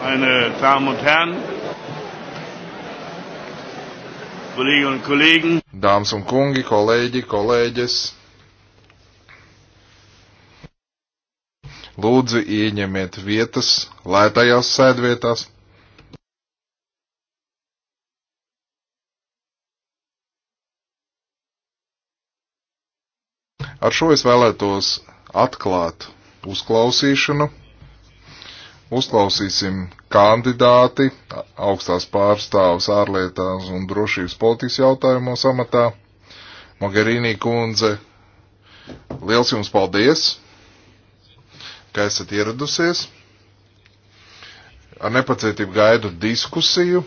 Meine Damen und Herren, Kolleginnen und Kollegen, Dāmas un kungi, kolēģi, kolēģis, lūdzu ieņemiet vietas lētajās sēdvietās. Ar šo es vēlētos atklāt uzklausīšanu. Uzklausīsim kandidāti augstās pārstāvs ārlietās un drošības politikas jautājumos amatā. Mogherīnī kundze, liels jums paldies, ka esat ieradusies. Ar nepacietību gaidu diskusiju.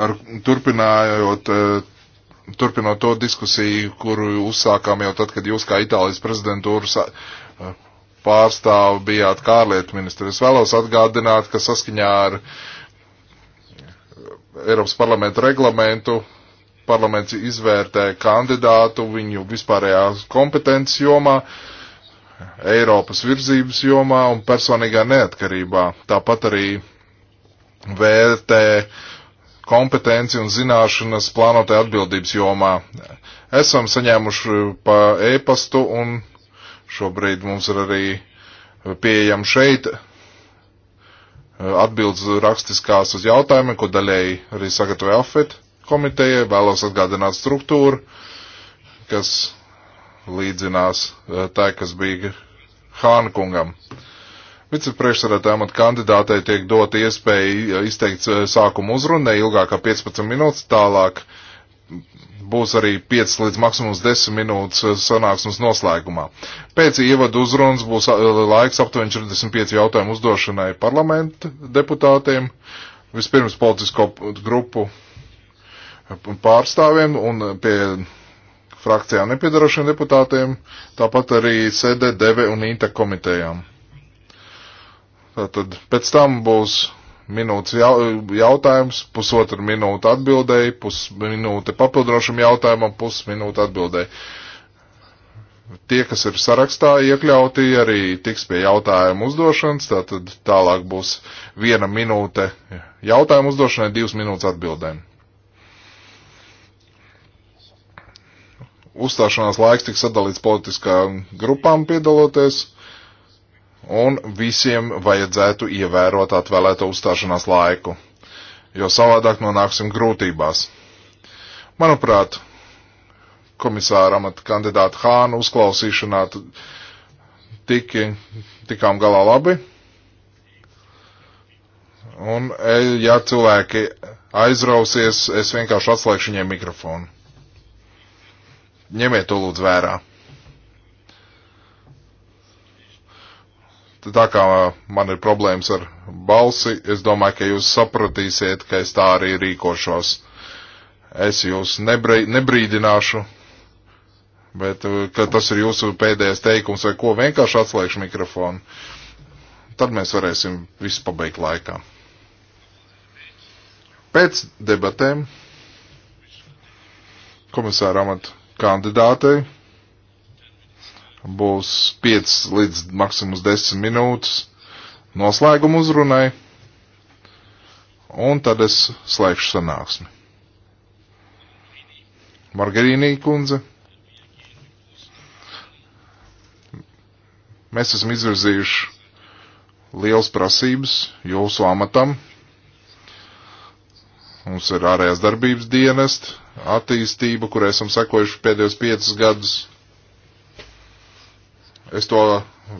Ar, turpinājot eh, turpinot to diskusiju, kuru uzsākām jau tad, kad jūs kā Itālijas prezidentūras pārstāvi bijāt kā ārlietu ministri. Es vēlos atgādināt, ka saskaņā ar Eiropas parlamentu reglamentu parlaments izvērtē kandidātu viņu vispārējās kompetences jomā, Eiropas virzības jomā un personīgā neatkarībā. Tāpat arī vērtē uh, kompetenci un zināšanas plānotai atbildības jomā. Esam saņēmuši pa e-pastu un šobrīd mums ir arī pieejam šeit eh, atbildes rakstiskās uz jautājumiem, ko daļēji arī sagatavoja AFET komiteja. Vēlos atgādināt struktūru, kas līdzinās eh, tai, kas bija Hānkungam. kungam. Vicepriekšsēdētāja amata kandidātei tiek dota iespēja izteikt sākumu uzrunē ilgākā 15 minūtes, tālāk būs arī 5 līdz maksimums 10 minūtes sanāksmes noslēgumā. Pēc ievadu uzrunas būs laiks aptuveni 45 jautājumu uzdošanai parlamenta deputātiem, vispirms politisko grupu pārstāvjiem un pie frakcijām nepiedarošiem deputātiem, tāpat arī CD, DV un INTA komitejām. Tātad pēc tam būs minūtes jautājums, pusotra minūte atbildēji, pusminūte papildinošam jautājumam, pusminūte atbildēji. Tie, kas ir sarakstā iekļauti, arī tiks pie jautājumu uzdošanas, tātad tālāk būs viena minūte jautājumu uzdošanai, divas minūtes atbildēm. Uzstāšanās laiks tiks sadalīts politiskām grupām piedaloties un visiem vajadzētu ievērot atvēlēto uzstāšanās laiku, jo savādāk nonāksim grūtībās. Manuprāt, komisāra amata kandidāta Hāna uzklausīšanā tiki, tikām galā labi. Un, eh, ja cilvēki aizrausies, es vienkārši atslēgšu viņiem mikrofonu. Ņemiet to lūdzu vērā. tā kā man ir problēmas ar balsi, es domāju, ka jūs sapratīsiet, ka es tā arī rīkošos. Es jūs nebrei, nebrīdināšu, bet uh, ka tas ir jūsu pēdējais teikums vai ko, vienkārši atslēgšu mikrofonu. Tad mēs varēsim visu pabeigt laikā. Pēc debatēm komisāra amata kandidātei būs 5 līdz maksimums 10 minūtes noslēguma uzrunai, un tad es slēgšu sanāksmi. Margarīnī kundze. Mēs esam izvirzījuši liels prasības jūsu amatam. Mums ir ārējās darbības dienest, attīstība, kurai esam sekojuši pēdējos piecus gadus Es to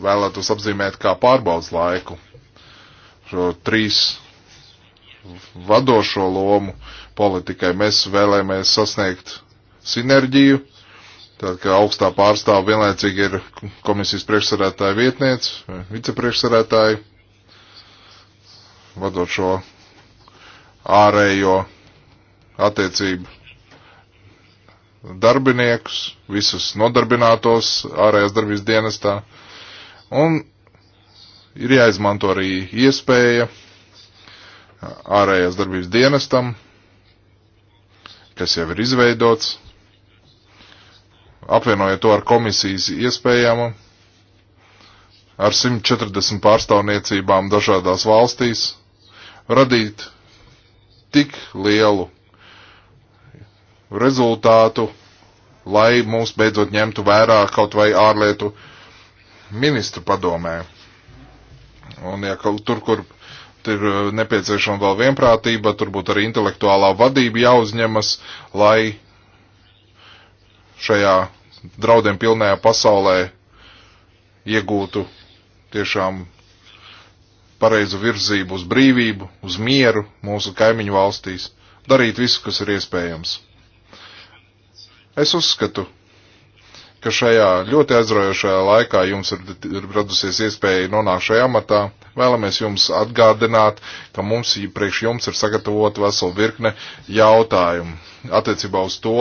vēlētos apzīmēt kā pārbaudas laiku, šo trīs vadošo lomu politikai. Mēs vēlēmies sasniegt sinerģiju, tad, ka augstā pārstāva vienlaicīgi ir komisijas priekšsarētāja vietniece, vicepriekšsarētāja, vadošo ārējo attiecību darbiniekus, visus nodarbinātos ārējās darbības dienestā. Un ir jāizmanto arī iespēja ārējās darbības dienestam, kas jau ir izveidots, apvienojot to ar komisijas iespējām, ar 140 pārstāvniecībām dažādās valstīs, radīt tik lielu rezultātu, lai mūs beidzot ņemtu vērā kaut vai ārlietu ministru padomē. Un ja kaut tur, kur ir uh, nepieciešama vēl vienprātība, turbūt arī intelektuālā vadība jāuzņemas, lai šajā draudiem pilnajā pasaulē iegūtu tiešām pareizu virzību uz brīvību, uz mieru mūsu kaimiņu valstīs, darīt visu, kas ir iespējams. Es uzskatu, ka šajā ļoti aizraujošajā laikā jums ir radusies iespēja nonākt šajā amatā. Vēlamies jums atgādināt, ka mums priekš jums ir sagatavota vesela virkne jautājumu attiecībā uz to,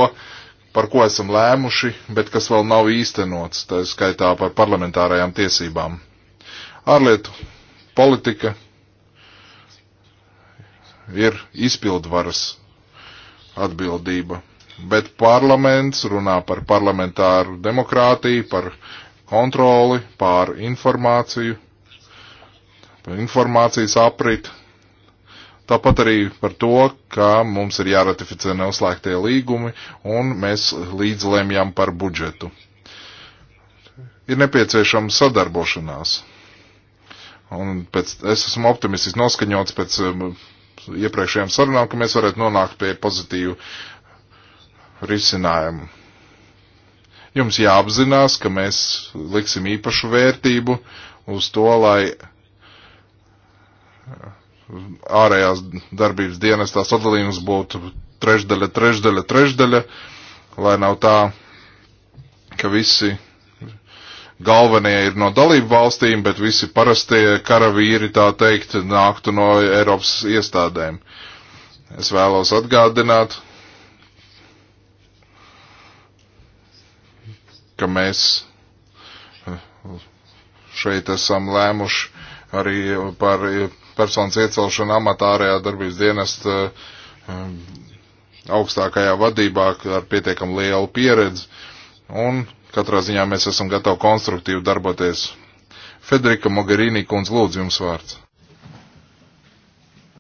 par ko esam lēmuši, bet kas vēl nav īstenots, tā skaitā par parlamentārajām tiesībām. Ārlietu politika ir izpildvaras atbildība bet parlaments runā par parlamentāru demokrātiju, par kontroli, pār informāciju, par informācijas aprit. Tāpat arī par to, ka mums ir jāratificē neuzslēgtie līgumi un mēs līdzlēmjam par budžetu. Ir nepieciešama sadarbošanās. Un pēc, es esmu optimistiski noskaņots pēc um, iepriekšējām sarunām, ka mēs varētu nonākt pie pozitīvu uh, risinājumu. Jums jāapzinās, ka mēs liksim īpašu vērtību uz to, lai ārējās darbības dienestās atdalījums būtu trešdaļa, trešdaļa, trešdaļa, lai nav tā, ka visi galvenie ir no dalību valstīm, bet visi parastie karavīri, tā teikt, nāktu no Eiropas iestādēm. Es vēlos atgādināt, mēs šeit esam lēmuši arī par personas iecelšanu amatā ārējā darbības dienesta eh, augstākajā vadībā ar pietiekam lielu pieredzi. Un katrā ziņā mēs esam gatavi konstruktīvi darboties. Federika Mogherini kundz lūdzu jums vārds.